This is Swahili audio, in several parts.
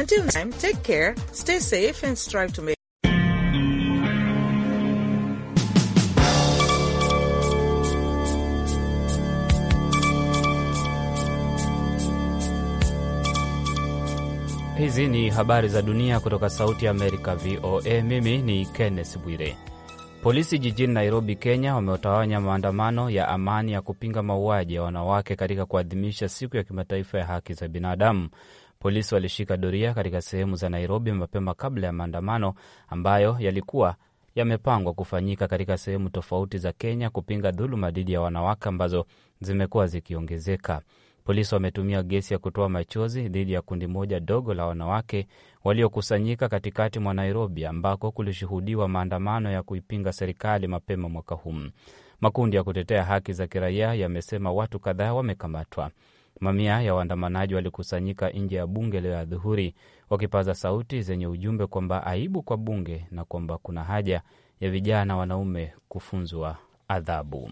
Until next time, take care, stay safe and strive to make Hizi ni habari za dunia kutoka Sauti ya Amerika, VOA. Mimi ni Kenneth Bwire. Polisi jijini Nairobi, Kenya, wametawanya maandamano ya amani ya kupinga mauaji ya wanawake katika kuadhimisha siku ya kimataifa ya haki za binadamu. Polisi walishika doria katika sehemu za Nairobi mapema kabla ya maandamano ambayo yalikuwa yamepangwa kufanyika katika sehemu tofauti za Kenya kupinga dhuluma dhidi ya wanawake ambazo zimekuwa zikiongezeka. Polisi wametumia gesi ya kutoa machozi dhidi ya kundi moja dogo la wanawake waliokusanyika katikati mwa Nairobi ambako kulishuhudiwa maandamano ya kuipinga serikali mapema mwaka huu. Makundi ya kutetea haki za kiraia yamesema watu kadhaa wamekamatwa. Mamia ya waandamanaji walikusanyika nje ya bunge leo dhuhuri wakipaza sauti zenye ujumbe kwamba aibu kwa bunge na kwamba kuna haja ya vijana wanaume kufunzwa adhabu.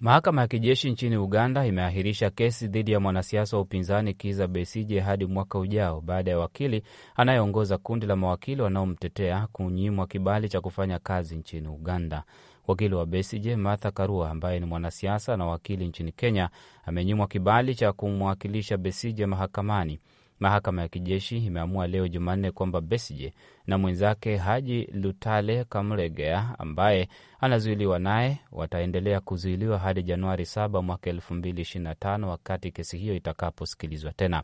Mahakama ya kijeshi nchini Uganda imeahirisha kesi dhidi ya mwanasiasa wa upinzani Kiza Besije hadi mwaka ujao baada ya wakili anayeongoza kundi la mawakili wanaomtetea kunyimwa kibali cha kufanya kazi nchini Uganda. Wakili wa besije Martha Karua, ambaye ni mwanasiasa na wakili nchini Kenya, amenyimwa kibali cha kumwakilisha besije mahakamani. Mahakama ya kijeshi imeamua leo Jumanne kwamba besije na mwenzake Haji Lutale Kamregea ambaye anazuiliwa naye wataendelea kuzuiliwa hadi Januari 7 mwaka 2025 wakati kesi hiyo itakaposikilizwa tena.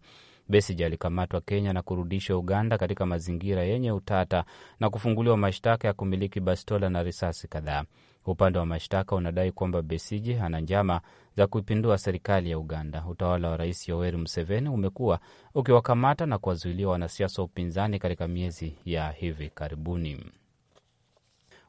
Besigye alikamatwa Kenya na kurudishwa Uganda katika mazingira yenye utata na kufunguliwa mashtaka ya kumiliki bastola na risasi kadhaa. Upande wa mashtaka unadai kwamba Besigye ana njama za kuipindua serikali ya Uganda. Utawala wa Rais Yoweri Museveni umekuwa ukiwakamata na kuwazuilia wanasiasa wa upinzani katika miezi ya hivi karibuni.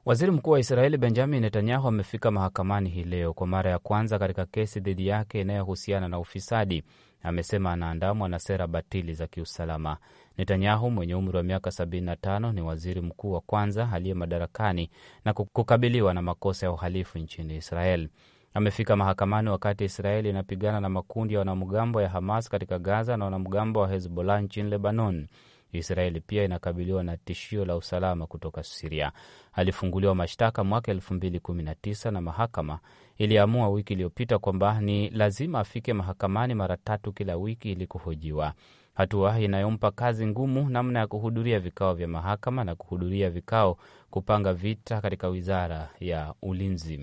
Waziri mkuu wa Israeli Benjamin Netanyahu amefika mahakamani hii leo kwa mara ya kwanza katika kesi dhidi yake inayohusiana na ufisadi. Amesema anaandamwa na sera batili za kiusalama. Netanyahu mwenye umri wa miaka 75 ni waziri mkuu wa kwanza aliye madarakani na kukabiliwa na makosa ya uhalifu nchini Israel. Amefika mahakamani wakati Israel inapigana na makundi ya wanamgambo ya Hamas katika Gaza na wanamgambo wa Hezbollah nchini Lebanon. Israeli pia inakabiliwa na tishio la usalama kutoka Siria. Alifunguliwa mashtaka mwaka elfu mbili kumi na tisa na mahakama iliamua wiki iliyopita kwamba ni lazima afike mahakamani mara tatu kila wiki ili kuhojiwa hatua inayompa kazi ngumu namna ya kuhudhuria vikao vya mahakama na kuhudhuria vikao kupanga vita katika wizara ya ulinzi.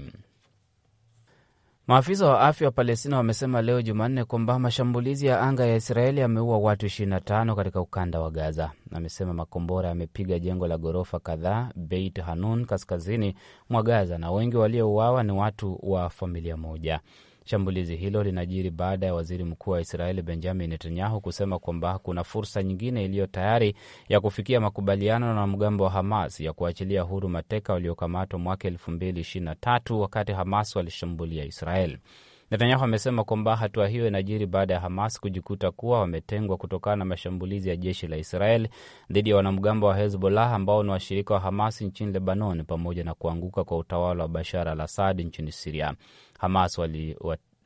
Maafisa wa afya wa Palestina wamesema leo Jumanne kwamba mashambulizi ya anga ya Israeli yameua watu 25 katika ukanda wa Gaza. Amesema makombora yamepiga jengo la ghorofa kadhaa Beit Hanun, kaskazini mwa Gaza, na wengi waliouawa ni watu wa familia moja. Shambulizi hilo linajiri baada ya waziri mkuu wa Israeli Benjamin Netanyahu kusema kwamba kuna fursa nyingine iliyo tayari ya kufikia makubaliano na mgambo wa Hamas ya kuachilia huru mateka waliokamatwa mwaka 2023 wakati Hamas walishambulia Israel. Netanyahu amesema kwamba hatua hiyo inajiri baada ya Hamas kujikuta kuwa wametengwa kutokana na mashambulizi ya jeshi la Israel dhidi ya wanamgambo wa Hezbollah ambao ni washirika wa Hamas nchini Lebanon, pamoja na kuanguka kwa utawala wa Bashar al Assad nchini Siria. Hamas wali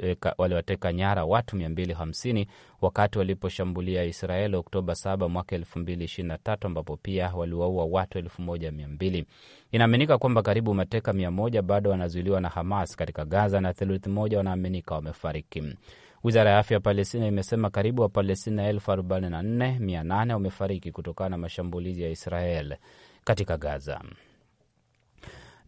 E, waliwateka nyara watu 250 wakati waliposhambulia Israeli Oktoba 7 mwaka 2023 ambapo pia waliwaua watu 1200. Inaaminika kwamba karibu mateka 100 bado wanazuiliwa na Hamas katika Gaza na theluthi moja wanaaminika wamefariki. Wizara ya afya ya Palestina imesema karibu Wapalestina 44800 wamefariki kutokana na mashambulizi ya Israel katika Gaza.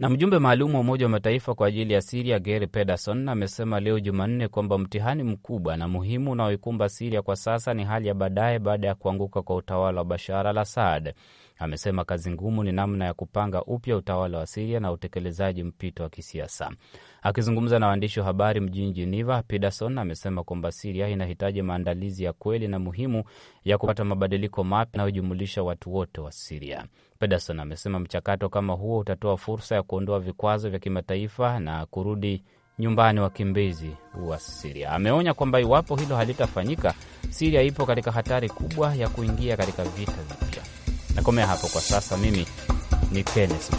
Na mjumbe maalum wa Umoja wa Mataifa kwa ajili ya Siria gery Pederson amesema leo Jumanne kwamba mtihani mkubwa na muhimu unaoikumba Siria kwa sasa ni hali ya baadaye baada ya kuanguka kwa utawala wa Bashar al Assad. Amesema kazi ngumu ni namna ya kupanga upya utawala wa Siria na utekelezaji mpito wa kisiasa. Akizungumza na waandishi wa habari mjini Geneva, Peterson amesema kwamba Siria inahitaji maandalizi ya kweli na muhimu ya kupata mabadiliko mapya yanayojumulisha watu wote wa Siria. Peterson amesema mchakato kama huo utatoa fursa ya kuondoa vikwazo vya kimataifa na kurudi nyumbani wakimbizi wa Siria. Ameonya kwamba iwapo hilo halitafanyika, Siria ipo katika hatari kubwa ya kuingia katika vita vipya. Nakomea hapo kwa sasa. Mimi ni Kenneth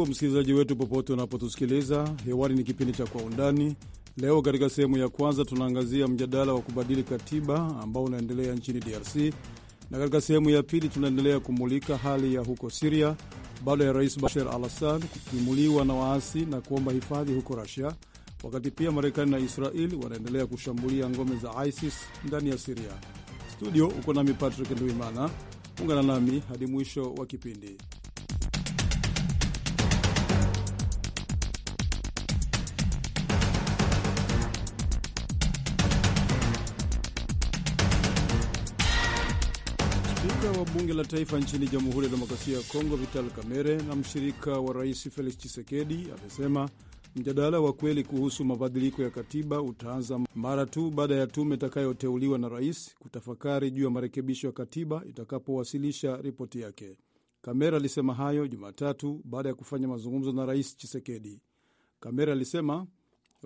Karibu msikilizaji wetu popote unapotusikiliza hewani, ni kipindi cha Kwa Undani. Leo katika sehemu ya kwanza tunaangazia mjadala wa kubadili katiba ambao unaendelea nchini DRC, na katika sehemu ya pili tunaendelea kumulika hali ya huko Siria baada ya Rais Bashar al Assad kutimuliwa na waasi na kuomba hifadhi huko Rusia, wakati pia Marekani na israel wanaendelea kushambulia ngome za ISIS ndani ya Siria. Studio uko nami Patrick Nduimana, ungana nami hadi mwisho wa kipindi. wa bunge la taifa nchini Jamhuri ya Demokrasia ya Kongo Vital Kamerhe na mshirika wa rais Felix Tshisekedi amesema mjadala wa kweli kuhusu mabadiliko ya katiba utaanza mara tu baada ya tume itakayoteuliwa na rais kutafakari juu ya marekebisho ya katiba itakapowasilisha ripoti yake. Kamera alisema hayo Jumatatu baada ya kufanya mazungumzo na rais Chisekedi. Kamera alisema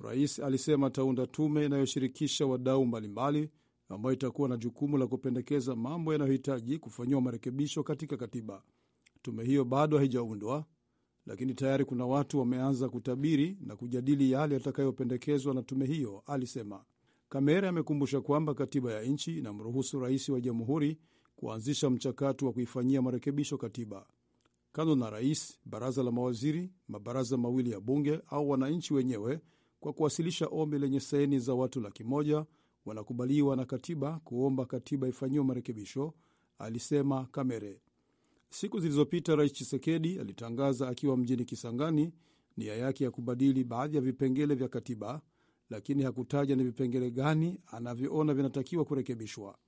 rais alisema ataunda tume inayoshirikisha wadau mbalimbali ambayo itakuwa na jukumu la kupendekeza mambo yanayohitaji kufanyiwa marekebisho katika katiba. Tume hiyo bado haijaundwa, lakini tayari kuna watu wameanza kutabiri na kujadili yale yatakayopendekezwa na tume hiyo, alisema. Kamera amekumbusha kwamba katiba ya nchi inamruhusu rais wa jamhuri kuanzisha mchakato wa kuifanyia marekebisho katiba. Kando na rais, baraza la mawaziri, mabaraza mawili ya bunge au wananchi wenyewe, kwa kuwasilisha ombi lenye saini za watu laki moja wanakubaliwa na katiba kuomba katiba ifanyiwe marekebisho, alisema Kamere. Siku zilizopita Rais Chisekedi alitangaza akiwa mjini Kisangani nia yake ya kubadili baadhi ya vipengele vya katiba, lakini hakutaja ni vipengele gani anavyoona vinatakiwa kurekebishwa.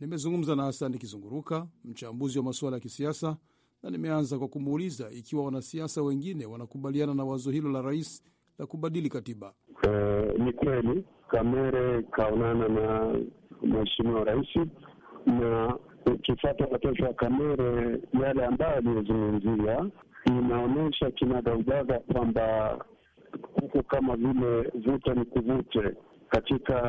Nimezungumza na Hasani Kizunguruka, mchambuzi wa masuala ya kisiasa, na nimeanza kwa kumuuliza ikiwa wanasiasa wengine wanakubaliana na wazo hilo la rais la kubadili katiba. Uh, ni kweli Kamere kaonana na mheshimiwa rais, na ukifata mataifa ya Kamere yale ambayo aliyozungumzia inaonyesha ubaga kwamba huku kama vile vuta ni kuvute katika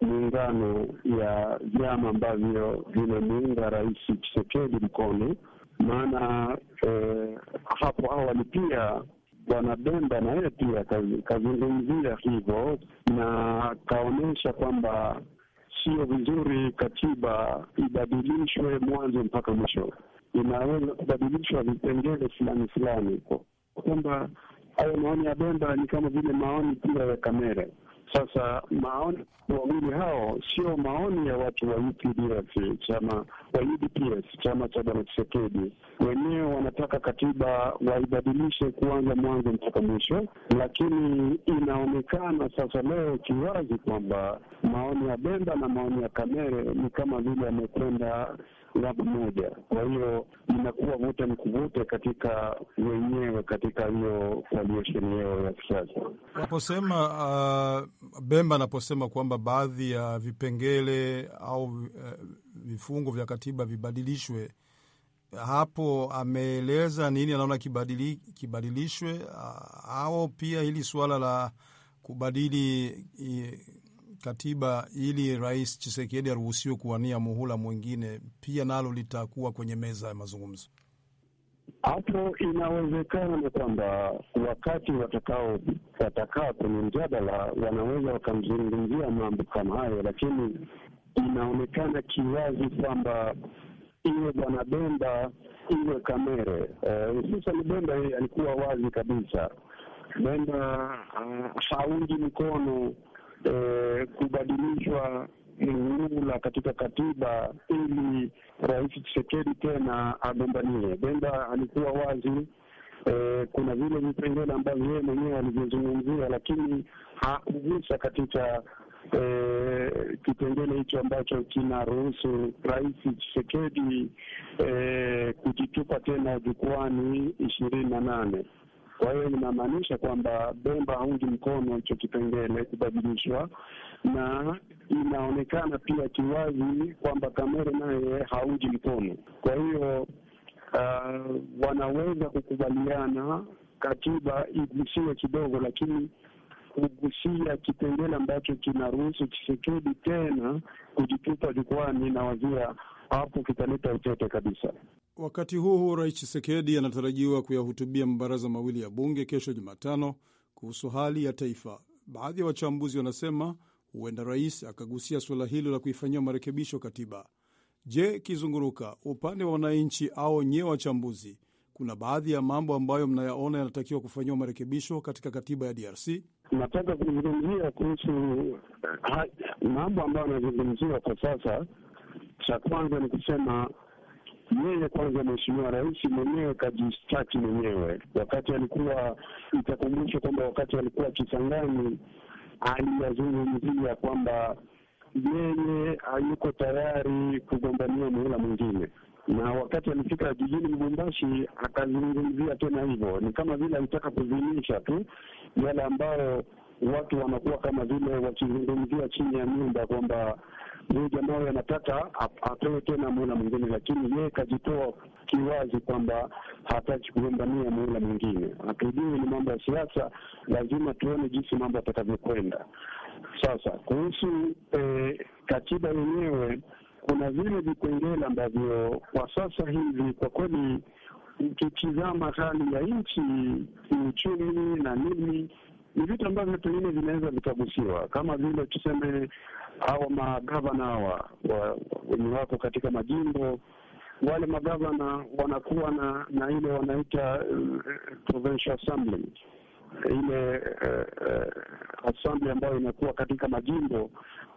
muungano ya vyama ambavyo vinamuunga rais chisekedi mkono maana eh, hapo awali pia Bwana Bemba na yeye pia kazungumzia hivyo na akaonyesha kwamba sio vizuri katiba ibadilishwe mwanzo mpaka mwisho, inaweza kubadilishwa vipengele fulani fulani, huko, kwamba hayo maoni ya Bemba ni kama vile maoni pia ya kamera sasa maoni wawili hao sio maoni ya watu wa UPDF, chama wa UDPS, chama cha bwana Tshisekedi. Wenyewe wanataka katiba waibadilishe kuanza mwanzo mpaka mwisho, lakini inaonekana sasa leo kiwazi kwamba maoni ya Bemba na maoni ya Kamere ni kama vile yamekwenda klabu moja. Kwa hiyo inakuwa vuta ni kuvute katika wenyewe katika hiyo koalisheni yao ya kisasa. Naposema uh, Bemba anaposema kwamba baadhi ya vipengele au uh, vifungo vya katiba vibadilishwe hapo ameeleza nini anaona kibadili, kibadilishwe uh, au pia hili suala la kubadili katiba ili Rais Chisekedi aruhusiwe kuwania muhula mwingine, pia nalo litakuwa kwenye meza ya mazungumzo. Hapo inawezekana ni kwamba wakati watakao watakaa kwenye mjadala wanaweza wakamzungumzia mambo kama hayo, lakini inaonekana kiwazi kwamba iwe bwana Bemba iwe Kamere, eh, hususan uh, Bemba alikuwa wazi kabisa. Bemba ah, haungi uh, mkono Eh, kubadilishwa muhula katika katiba ili Rais Tshisekedi tena agombanie. Bemba alikuwa wazi e, kuna vile vipengele ambavyo yeye mwenyewe alivyozungumzia, lakini hakugusa katika e, kipengele hicho ambacho kinaruhusu Rais Tshisekedi e, kujitupa tena jukwani ishirini na nane. Kwa hiyo inamaanisha kwamba Bemba haungi mkono hicho kipengele kubadilishwa, na inaonekana pia kiwazi kwamba Kamere naye haungi mkono. Kwa hiyo uh, wanaweza kukubaliana katiba igusiwe kidogo, lakini kugusia kipengele ambacho kinaruhusu Chisekedi tena kujitupa jukwani na wazia hapo kitaleta uchote kabisa. Wakati huu huu, Rais Chisekedi anatarajiwa kuyahutubia mabaraza mawili ya bunge kesho Jumatano kuhusu hali ya taifa. Baadhi ya wa wachambuzi wanasema huenda rais akagusia suala hilo la kuifanyia marekebisho katiba. Je, Kizunguruka, upande wa wananchi au nyewe wachambuzi, kuna baadhi ya mambo ambayo mnayaona yanatakiwa kufanyiwa marekebisho katika katiba ya DRC? Nataka kuzungumzia kuhusu eh, mambo ambayo anazungumziwa kwa sasa cha kwanza ni kusema yeye kwanza, Mheshimiwa Rais mwenyewe kajistaki mwenyewe wakati alikuwa, itakumbushwa kwamba wakati alikuwa Kisangani aliyazungumzia kwamba yeye hayuko tayari kugombania muhula mwingine, na wakati alifika jijini Lubumbashi akazungumzia tena hivyo. Ni kama vile alitaka kuzinisha tu yale ambayo watu wanakuwa kama vile wakizungumzia chini ya nyumba kwamba huyu jamaa huyu anataka apewe tena muhula mwingine, lakini yeye kajitoa kiwazi kwamba hataki kugombania muhula mwingine. Hatujui ni mambo ya siasa, lazima tuone jinsi mambo atakavyokwenda. Sasa kuhusu eh, katiba yenyewe, kuna vile vipengele ambavyo kwa sasa hivi kwa kweli ukitizama hali ya nchi kiuchumi na nini, ni vitu ambavyo pengine vinaweza vikagusiwa, kama vile tuseme hawa magavana hawa wenye wako katika majimbo wale magavana wanakuwa na na ile wanaita uh, provincial assembly ile uh, uh, assembly ambayo inakuwa katika majimbo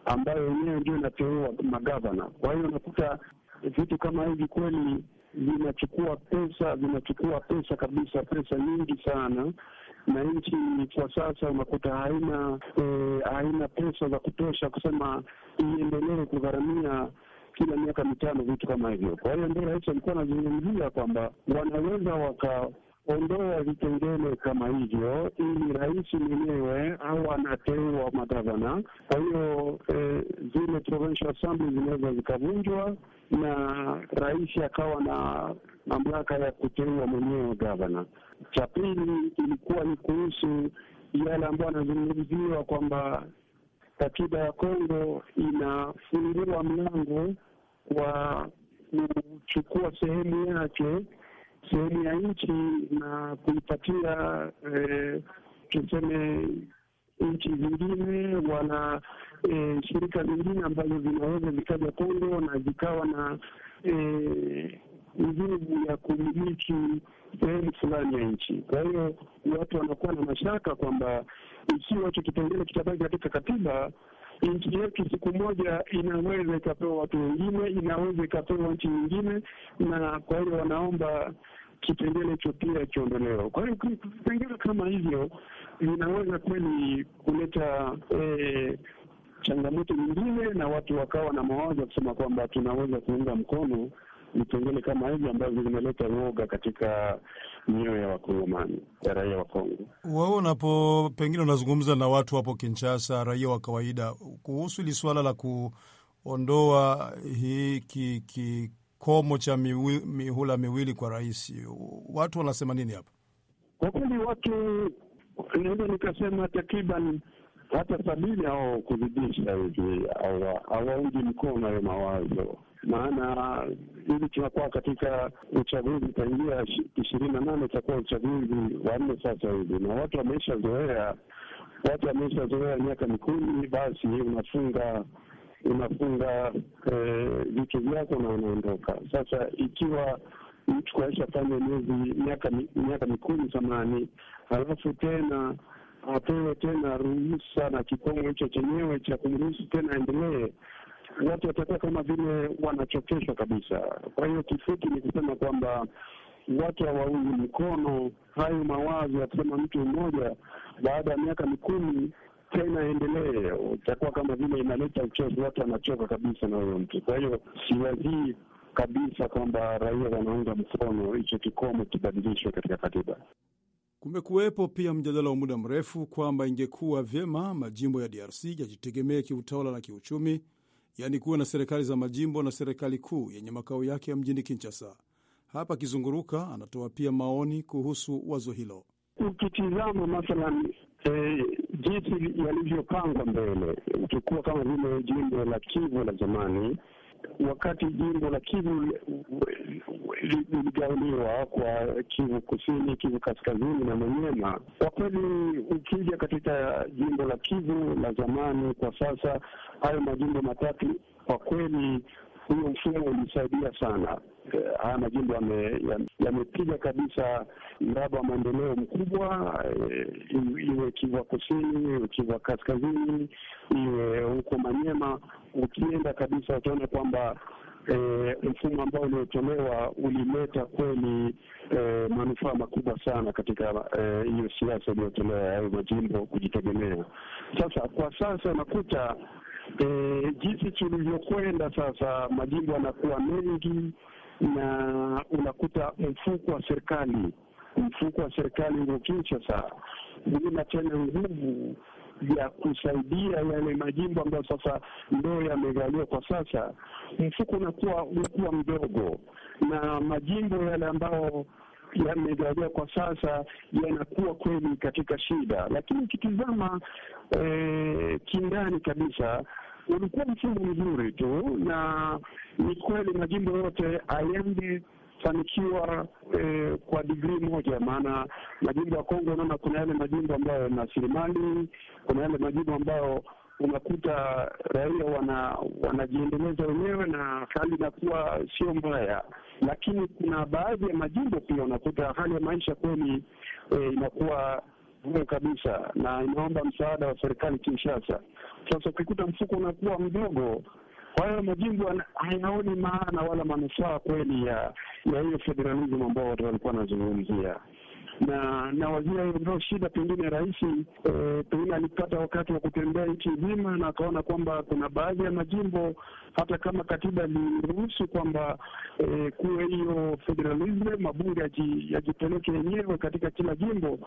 ambayo yenyewe ndio inateua magavana. Kwa hiyo unakuta vitu kama hivi kweli vinachukua pesa, vinachukua pesa kabisa, pesa nyingi sana na nchi kwa sasa unakuta haina e, haina pesa za kutosha kusema iendelee kugharamia kila miaka mitano vitu kama hivyo. Kwa hiyo ndio rais alikuwa anazungumzia kwamba wanaweza wakaondoa vipengele kama hivyo, ili rais mwenyewe au anateua magavana. Kwa hiyo e, zile provincial assembly zinaweza zikavunjwa na rais akawa na mamlaka ya kuteua mwenyewe gavana. Cha pili ilikuwa ni kuhusu yale ambayo anazungumziwa kwamba katiba ya Kongo inafungua mlango kwa kuchukua sehemu yake sehemu ya nchi na kuipatia eh, tuseme nchi zingine wana eh, shirika zingine ambazo zinaweza zikaja Kongo na zikawa na eh, nguvu ya kumiliki sehemu fulani ya nchi. Kwa hiyo watu wanakuwa na mashaka kwamba ikiwa hicho kipengele kitabaki katika katiba, nchi yetu siku moja inaweza ikapewa watu wengine, inaweza ikapewa nchi nyingine, na kwa hiyo wanaomba kipengele hicho pia kiondolewa. Kwa hiyo vipengele kama hivyo vinaweza kweli kuleta e, changamoto nyingine, na watu wakawa na mawazo ya kusema kwamba tunaweza kuunga mkono vipengele kama hivi ambavyo vinaleta woga katika mioyo ya Wakongomani, ya raia wa Kongo. Wewe unapo pengine unazungumza na watu hapo Kinshasa, raia wa kawaida, kuhusu hili suala la kuondoa hii kikomo cha miwi, mihula miwili kwa rais, watu wanasema nini hapa? Kwa kweli watu naweza nikasema takriban hata sabini au kuzidisha hivi hawaungi mkono hayo mawazo maana hivi tunakuwa katika uchaguzi tangia ishirini na nane itakuwa uchaguzi wa nne sasa hivi, na watu wameishazoea, watu wameisha zoea miaka mikumi, basi unafunga unafunga eh, vitu eh, vyako na unaondoka. Sasa ikiwa mtu fanya miezi miaka miaka mikumi zamani, halafu tena apewe tena ruhusa na kikomgo hicho chenyewe cha kumruhusu tena aendelee watu watakuwa kama vile wanachocheshwa kabisa. Kwa hiyo kifupi ni kusema kwamba watu hawaungi mkono hayo mawazo ya kusema mtu mmoja baada ya miaka mikumi tena endelee, itakuwa kama vile inaleta uchozi, watu wanachoka kabisa na huyo mtu. Kwa hiyo siwazii kabisa kwamba raia wanaunga mkono hicho kikomo kibadilishwe katika katiba. Kumekuwepo pia mjadala wa muda mrefu kwamba ingekuwa vyema majimbo ya DRC yajitegemee kiutawala na kiuchumi yaani kuwe na serikali za majimbo na serikali kuu yenye makao yake ya mjini Kinshasa. Hapa akizunguruka anatoa pia maoni kuhusu wazo hilo. Ukitizama mathalan e, jinsi yalivyopangwa mbele, ukikuwa kama vile jimbo la Kivu la zamani wakati jimbo la Kivu liligauniwa kwa Kivu Kusini, Kivu Kaskazini na Manyema. Kwa kweli, ukija katika jimbo la Kivu la zamani kwa sasa, hayo majimbo matatu, kwa kweli huyo mfumo ulisaidia sana. Eh, haya majimbo yamepiga ya kabisa mraba wa maendeleo mkubwa, eh, iwe Kivu Kusini, iwe Kivu Kaskazini, iwe huko Manyema ukienda kabisa utaona kwamba E, mfumo ambao uliotolewa ulileta kweli e, manufaa makubwa sana katika eh, hiyo e, siasa iliyotolewa ya majimbo kujitegemea. Sasa kwa sasa unakuta e, jinsi tulivyokwenda sasa, majimbo yanakuwa mengi na unakuta mfuko wa serikali mfuko wa serikali huko Kinshasa bila tena nguvu ya kusaidia yale majimbo ambayo sasa ndo yamegaliwa kwa sasa, mfuko unakuwa unakuwa mdogo, na majimbo yale ambayo yamegaliwa kwa sasa yanakuwa kweli katika shida, lakini ukitizama e, kindani kabisa ulikuwa mfumo mzuri tu, na ni kweli majimbo yote hayaende kufanikiwa eh, kwa digrii moja. Maana majimbo ya Kongo, unaona kuna yale majimbo ambayo yana rasilimali, kuna yale majimbo ambayo unakuta raia wana wanajiendeleza wenyewe na hali inakuwa sio mbaya, lakini kuna baadhi ya majimbo pia unakuta hali ya maisha kweli eh, inakuwa ngumu kabisa, na inaomba msaada wa serikali Kinshasa. Sasa ukikuta mfuko unakuwa mdogo kwa hiyo majimbo hayaoni maana wala manufaa kweli ya ya hiyo federalism ambao watu walikuwa wanazungumzia na na waziri ndio shida pengine rais e, pengine alipata wakati wa kutembea nchi nzima na akaona kwamba kuna baadhi ya majimbo hata kama katiba iliruhusu kwamba e, kuwe hiyo federalism, mabunge yajipeleke yenyewe katika kila jimbo,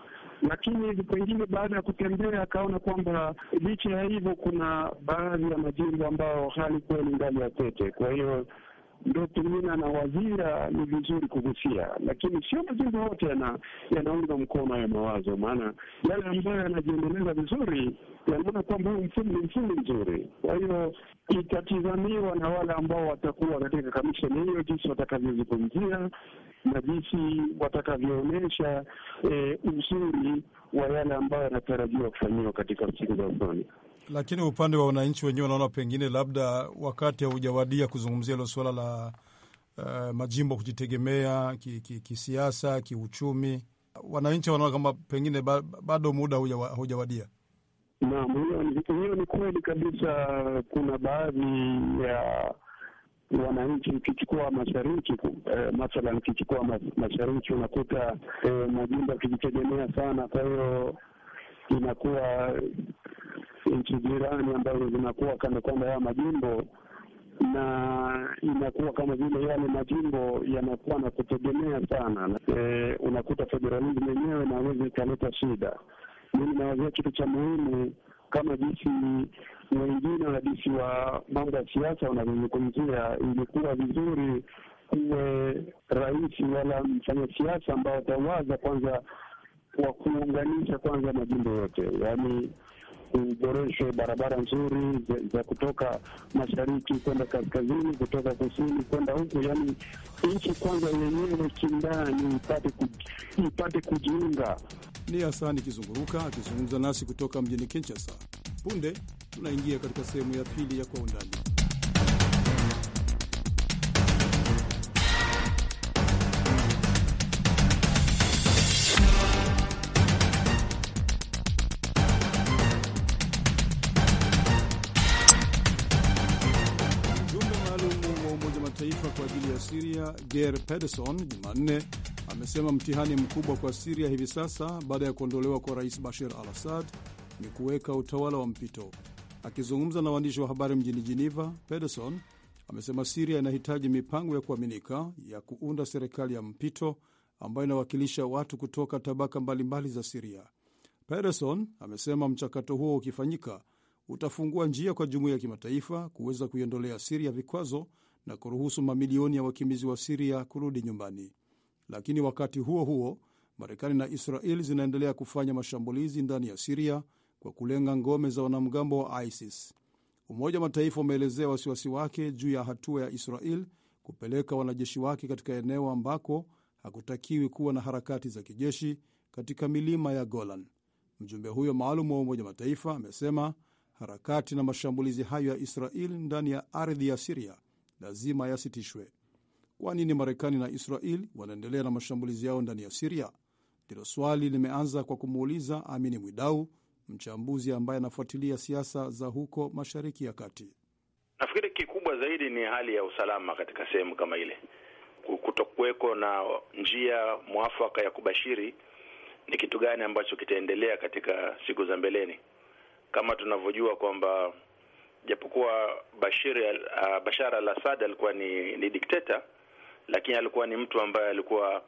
lakini pengine baada ya kutembea akaona kwamba licha ya hivyo kuna baadhi ya majimbo ambayo hali kweli ndani ya tete, kwa hiyo ndo pengine na wazira ni vizuri kugusia, lakini sio majimbo yote yanaunga mkono hayo mawazo, maana yale ambayo yanajiendeleza vizuri yanaona kwamba huyu mfumo ni mfumo mzuri. Kwa hiyo itatizamiwa na wale ambao watakuwa katika kamisheni hiyo, jinsi watakavyozungumzia na jinsi watakavyoonyesha e, uzuri wa yale ambayo yanatarajiwa kufanyiwa katika siku za usoni lakini upande wa wananchi wenyewe wanaona pengine labda wakati haujawadia kuzungumzia hilo suala la uh, majimbo kujitegemea kisiasa, ki, ki kiuchumi. Wananchi wanaona kama pengine ba, bado muda haujawadia. Naam, hiyo ni kweli kabisa. Kuna baadhi ya wananchi ukichukua mashariki eh, mathalan ukichukua mashariki unakuta eh, majimbo yakijitegemea sana, kwa hiyo inakuwa eh, nchi jirani ambazo zinakuwa kana kwamba haya majimbo na inakuwa kama vile yale majimbo yanakuwa na kutegemea sana. E, unakuta federalism yenyewe inaweza ikaleta shida. Mimi nawazia kitu cha muhimu kama jinsi wengine wadisi wa mambo ya siasa wanavyozungumzia, ilikuwa vizuri kuwe rais wala mfanya siasa ambao atawaza kwanza wa kuunganisha kwanza majimbo yote, yaani kuboreshwe barabara nzuri za kutoka mashariki kwenda kaskazini, kutoka kusini kwenda huku, yaani nchi kwanza yenyewe kindani ipate ipate kujiunga. Ni Hasani Kizunguruka akizungumza nasi kutoka mjini Kinshasa. Punde tunaingia katika sehemu ya pili ya Kwa Undani. Geir Pedersen Jumanne amesema mtihani mkubwa kwa Siria hivi sasa baada ya kuondolewa kwa Rais Bashar al Assad ni kuweka utawala wa mpito. Akizungumza na waandishi wa habari mjini jeneva Pedersen amesema Siria inahitaji mipango ya kuaminika ya kuunda serikali ya mpito ambayo inawakilisha watu kutoka tabaka mbalimbali za Siria. Pedersen amesema mchakato huo ukifanyika utafungua njia kwa jumuiya ya kimataifa kuweza kuiondolea Siria vikwazo na kuruhusu mamilioni ya wakimbizi wa Siria kurudi nyumbani. Lakini wakati huo huo, Marekani na Israel zinaendelea kufanya mashambulizi ndani ya Siria kwa kulenga ngome za wanamgambo wa ISIS. Umoja wa Mataifa umeelezea wasiwasi wake juu ya hatua ya Israel kupeleka wanajeshi wake katika eneo ambako hakutakiwi kuwa na harakati za kijeshi katika milima ya Golan. Mjumbe huyo maalum wa Umoja Mataifa amesema harakati na mashambulizi hayo ya Israel ndani ya ardhi ya Siria lazima yasitishwe. Kwa nini Marekani na Israel wanaendelea na mashambulizi yao ndani ya Siria? Ndilo swali limeanza kwa kumuuliza Amini Mwidau, mchambuzi ambaye anafuatilia siasa za huko Mashariki ya Kati. Nafikiri kikubwa zaidi ni hali ya usalama katika sehemu kama ile, kutokuweko na njia mwafaka ya kubashiri ni kitu gani ambacho kitaendelea katika siku za mbeleni. Kama tunavyojua kwamba japokuwa Bashir, uh, Bashar al-Assad alikuwa ni, ni dikteta, lakini alikuwa ni mtu ambaye alikuwa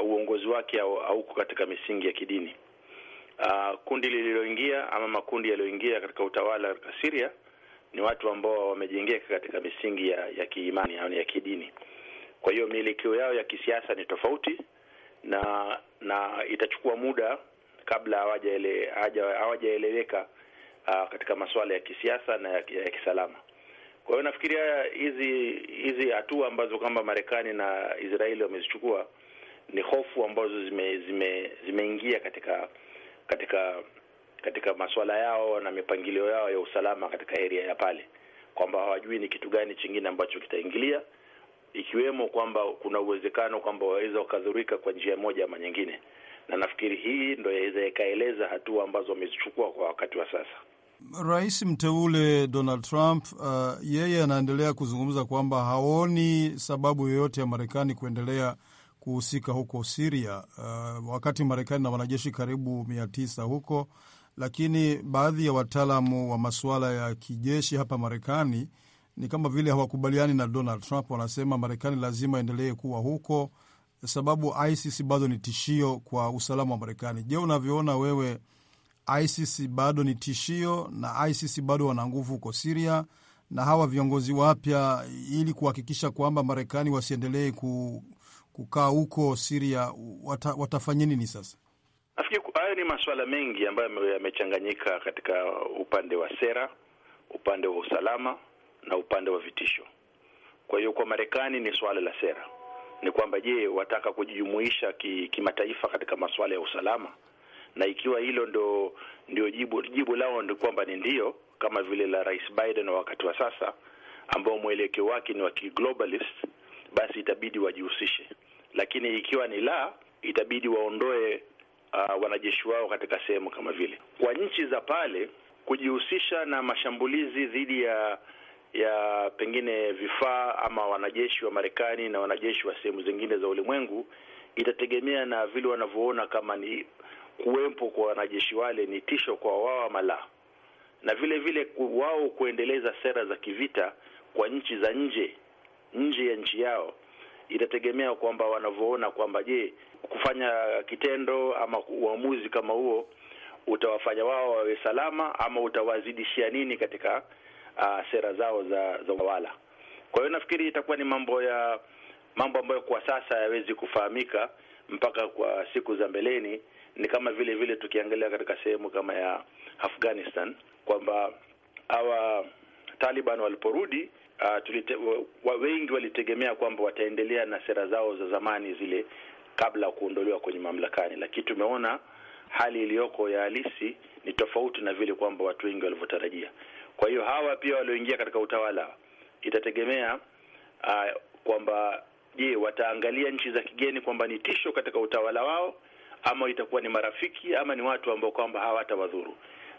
uh, uongozi wake hauko katika misingi ya kidini. Uh, kundi lililoingia ama makundi yaliyoingia katika utawala katika Syria ni watu ambao wamejengeka katika misingi ya, ya kiimani au ya kidini. Kwa hiyo mielekeo yao ya kisiasa ni tofauti na na itachukua muda kabla hawajaeleweka uh, katika masuala ya kisiasa na ya, ya kisalama. Kwa hiyo nafikiria hizi hizi hatua ambazo kwamba Marekani na Israeli wamezichukua ni hofu ambazo zime, zime, zimeingia katika katika katika masuala yao na mipangilio yao ya usalama katika area ya pale, kwamba hawajui ni kitu gani chingine ambacho kitaingilia, ikiwemo kwamba kuna uwezekano kwamba waweza wakadhurika kwa njia moja ama nyingine, na nafikiri hii ndo yaweza ikaeleza hatua ambazo wamezichukua kwa wakati wa sasa. Rais mteule Donald Trump uh, yeye anaendelea kuzungumza kwamba haoni sababu yoyote ya Marekani kuendelea kuhusika huko Siria, uh, wakati Marekani na wanajeshi karibu mia tisa huko, lakini baadhi ya wataalamu wa masuala ya kijeshi hapa Marekani ni kama vile hawakubaliani na Donald Trump. Wanasema Marekani lazima endelee kuwa huko, sababu ISIS bado ni tishio kwa usalama wa Marekani. Je, unavyoona wewe ISIS bado ni tishio na ISIS bado wana nguvu huko Siria na hawa viongozi wapya, ili kuhakikisha kwamba Marekani wasiendelee ku, kukaa huko Siria, wata, watafanya nini sasa? Nafikiri hayo ni masuala mengi ambayo yamechanganyika katika upande wa sera, upande wa usalama na upande wa vitisho. Kwa hiyo kwa Marekani ni suala la sera, ni kwamba je, wataka kujijumuisha kimataifa ki katika masuala ya usalama na ikiwa hilo ndo ndio jibu, jibu lao ni kwamba ni ndio kama vile la Rais Biden wa wakati wa sasa ambao mwelekeo wake ni wa kiglobalist, basi itabidi wajihusishe, lakini ikiwa ni la, itabidi waondoe uh, wanajeshi wao katika sehemu kama vile. Kwa nchi za pale kujihusisha na mashambulizi dhidi ya ya pengine vifaa ama wanajeshi wa Marekani na wanajeshi wa sehemu zingine za ulimwengu itategemea na vile wanavyoona kama ni kuwepo kwa wanajeshi wale ni tisho kwa wao ama la, na vile vile wao kuendeleza sera za kivita kwa nchi za nje nje ya nchi yao itategemea kwamba wanavyoona kwamba je, kufanya kitendo ama uamuzi kama huo utawafanya wao wawe salama ama utawazidishia nini katika uh, sera zao za za utawala. Kwa hiyo nafikiri itakuwa ni mambo ya mambo ambayo kwa sasa hayawezi kufahamika mpaka kwa siku za mbeleni, ni kama vile vile tukiangalia katika sehemu kama ya Afghanistan kwamba hawa Taliban waliporudi Uh, tulite, wa, wengi walitegemea kwamba wataendelea na sera zao za zamani zile kabla ya kuondolewa kwenye mamlakani, lakini tumeona hali iliyoko ya halisi ni tofauti na vile kwamba watu wengi walivyotarajia. Kwa hiyo hawa pia walioingia katika utawala itategemea uh, kwamba je, wataangalia nchi za kigeni kwamba ni tisho katika utawala wao ama itakuwa ni marafiki ama ni watu ambao kwamba hawatawadhuru,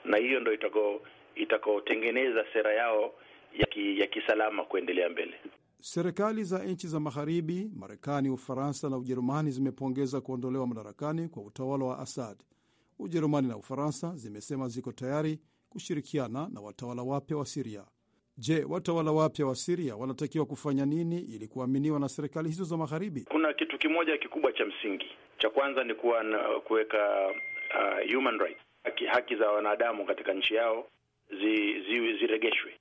na hiyo ndo itako itakaotengeneza sera yao ya, ki, ya kisalama kuendelea mbele. Serikali za nchi za magharibi, Marekani, Ufaransa na Ujerumani zimepongeza kuondolewa madarakani kwa utawala wa Assad. Ujerumani na Ufaransa zimesema ziko tayari kushirikiana na watawala wapya wa Siria. Je, watawala wapya wa Siria wanatakiwa kufanya nini ili kuaminiwa na serikali hizo za magharibi? Kuna kitu kimoja kikubwa cha msingi, cha kwanza ni kuwa kuweka uh, human rights, haki, haki za wanadamu katika nchi yao zi, zi, ziregeshwe,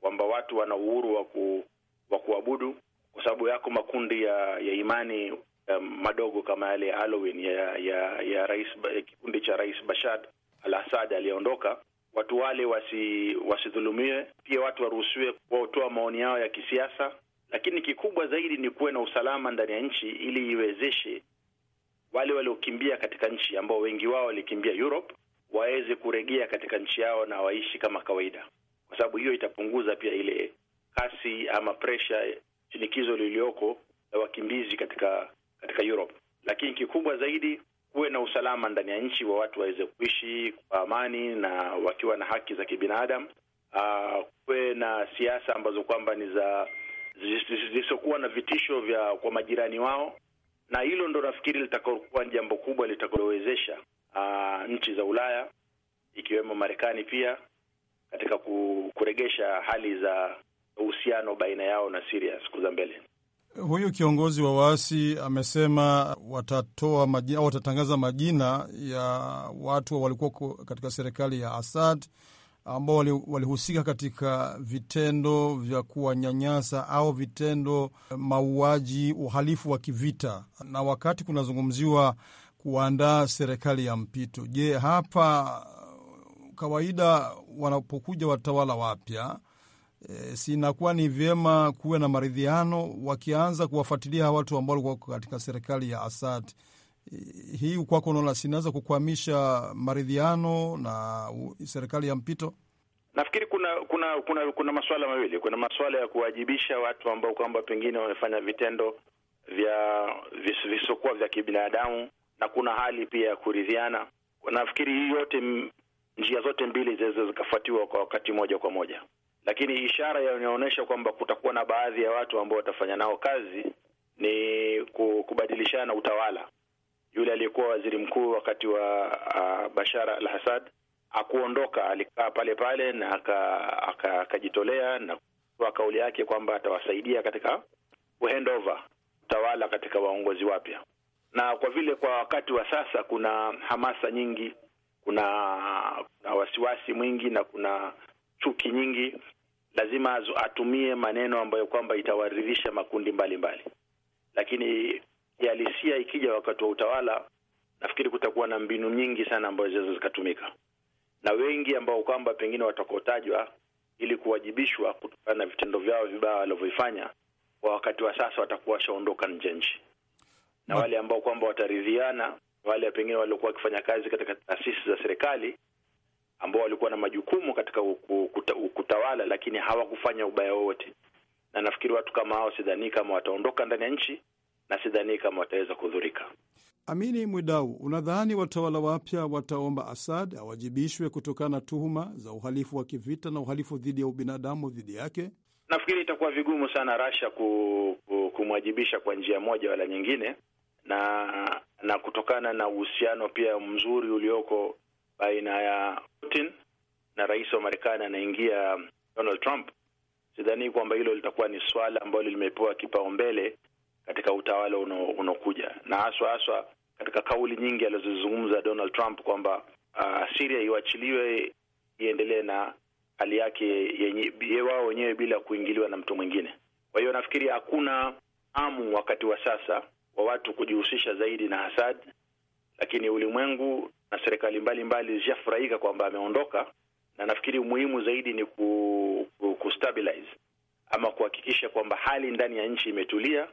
kwamba watu wana uhuru wa ku, wa kuabudu, kwa sababu yako makundi ya, ya imani um, madogo kama yale ya Halloween ya ya, ya rais kikundi cha Rais Bashar al-Assad aliyeondoka watu wale wasi, wasidhulumiwe, pia watu waruhusiwe kutoa maoni yao ya kisiasa, lakini kikubwa zaidi ni kuwe na usalama ndani ya nchi ili iwezeshe wale waliokimbia katika nchi ambao wengi wao walikimbia Europe waweze kuregea katika nchi yao na waishi kama kawaida, kwa sababu hiyo itapunguza pia ile kasi ama pressure, shinikizo lilioko la wakimbizi katika katika Europe. Lakini kikubwa zaidi kuwe na usalama ndani ya nchi wa watu waweze kuishi kwa amani na wakiwa na haki za kibinadamu. Uh, kuwe na siasa ambazo kwamba ni za zisizokuwa na vitisho vya kwa majirani wao, na hilo ndo nafikiri litakaokuwa jambo kubwa litakalowezesha uh, nchi za Ulaya ikiwemo Marekani pia katika kuregesha hali za uhusiano baina yao na Syria siku za mbele. Huyu kiongozi wa waasi amesema watatoa majina, watatangaza majina ya watu walikuwa katika serikali ya Assad ambao walihusika katika vitendo vya kuwanyanyasa au vitendo mauaji, uhalifu wa kivita, na wakati kunazungumziwa kuandaa serikali ya mpito. Je, hapa kawaida wanapokuja watawala wapya e, eh, sinakuwa ni vyema kuwe na maridhiano wakianza kuwafuatilia watu ambao walikuwa katika serikali ya Asad. Eh, hii kwako unaona sinaweza kukwamisha maridhiano na serikali ya mpito? Nafikiri kuna kuna kuna kuna masuala mawili. Kuna masuala ya kuwajibisha watu ambao kwamba pengine wamefanya vitendo vya visiokuwa vya kibinadamu, na kuna hali pia ya kuridhiana. Nafikiri hii yote, njia zote mbili zinaweza zikafuatiwa kwa wakati moja kwa moja lakini ishara inaonyesha kwamba kutakuwa na baadhi ya watu ambao watafanya nao kazi ni kubadilishana utawala. Yule aliyekuwa waziri mkuu wakati wa uh, Bashar al-Assad akuondoka alikaa pale pale na akajitolea na kutoa kauli yake kwamba atawasaidia katika handover utawala katika waongozi wapya. Na kwa vile kwa wakati wa sasa kuna hamasa nyingi, kuna, kuna wasiwasi mwingi na kuna chuki nyingi, lazima atumie maneno ambayo kwamba itawaridhisha makundi mbalimbali mbali. Lakini kihalisia ikija wakati wa utawala, nafikiri kutakuwa na mbinu nyingi sana ambazo zinaweza zikatumika na wengi ambao kwamba pengine watakotajwa ili kuwajibishwa kutokana na vitendo vyao vibaya walivyofanya, kwa wakati wa sasa watakuwa washaondoka nje nchi, na wale ambao kwamba wataridhiana, wale pengine waliokuwa wakifanya kazi katika taasisi za serikali ambao walikuwa na majukumu katika ukuta, kutawala lakini hawakufanya ubaya wowote, na nafikiri watu kama hao sidhanii kama wataondoka ndani ya nchi na sidhanii kama wataweza kudhurika. Amini Mwidau, unadhani watawala wapya wataomba Asad awajibishwe kutokana na tuhuma za uhalifu wa kivita na uhalifu dhidi ya ubinadamu dhidi yake? Nafikiri itakuwa vigumu sana Rasha kumwajibisha kwa njia moja wala nyingine, na na kutokana na uhusiano pia mzuri ulioko baina ya Putin na rais wa Marekani anaingia Donald Trump, sidhani kwamba hilo litakuwa ni swala ambalo limepewa kipaumbele katika utawala unaokuja, na haswa haswa katika kauli nyingi alizozungumza Donald Trump kwamba uh, Syria iwachiliwe iendelee na hali yake ye wao wenyewe bila kuingiliwa na mtu mwingine. Kwa hiyo nafikiri hakuna hamu wakati wa sasa wa watu kujihusisha zaidi na Assad, lakini ulimwengu na serikali mbalimbali zishafurahika kwamba ameondoka, na nafikiri umuhimu zaidi ni ku, ku, kustabilize ama kuhakikisha kwamba hali ndani ya nchi imetulia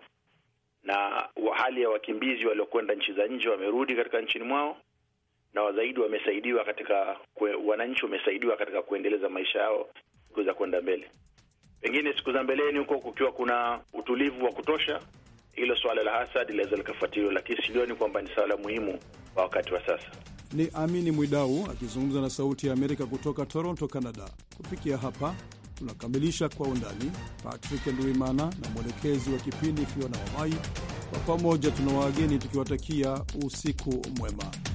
na hali ya wakimbizi waliokwenda nchi za nje wamerudi katika nchini mwao na zaidi wamesaidiwa katika wananchi wamesaidiwa katika kuendeleza maisha yao siku za kwenda mbele. Pengine siku za mbeleni huko kukiwa kuna utulivu wa kutosha, hilo swala la Hasad linaweza likafuatiliwa, lakini silioni kwamba ni swala muhimu kwa wakati wa sasa. Ni Amini Mwidau akizungumza na Sauti ya Amerika kutoka Toronto, Canada. Kufikia hapa tunakamilisha Kwa Undani. Patrick Nduimana na mwelekezi wa kipindi Fiona Wamai, kwa pamoja tuna wageni tukiwatakia usiku mwema.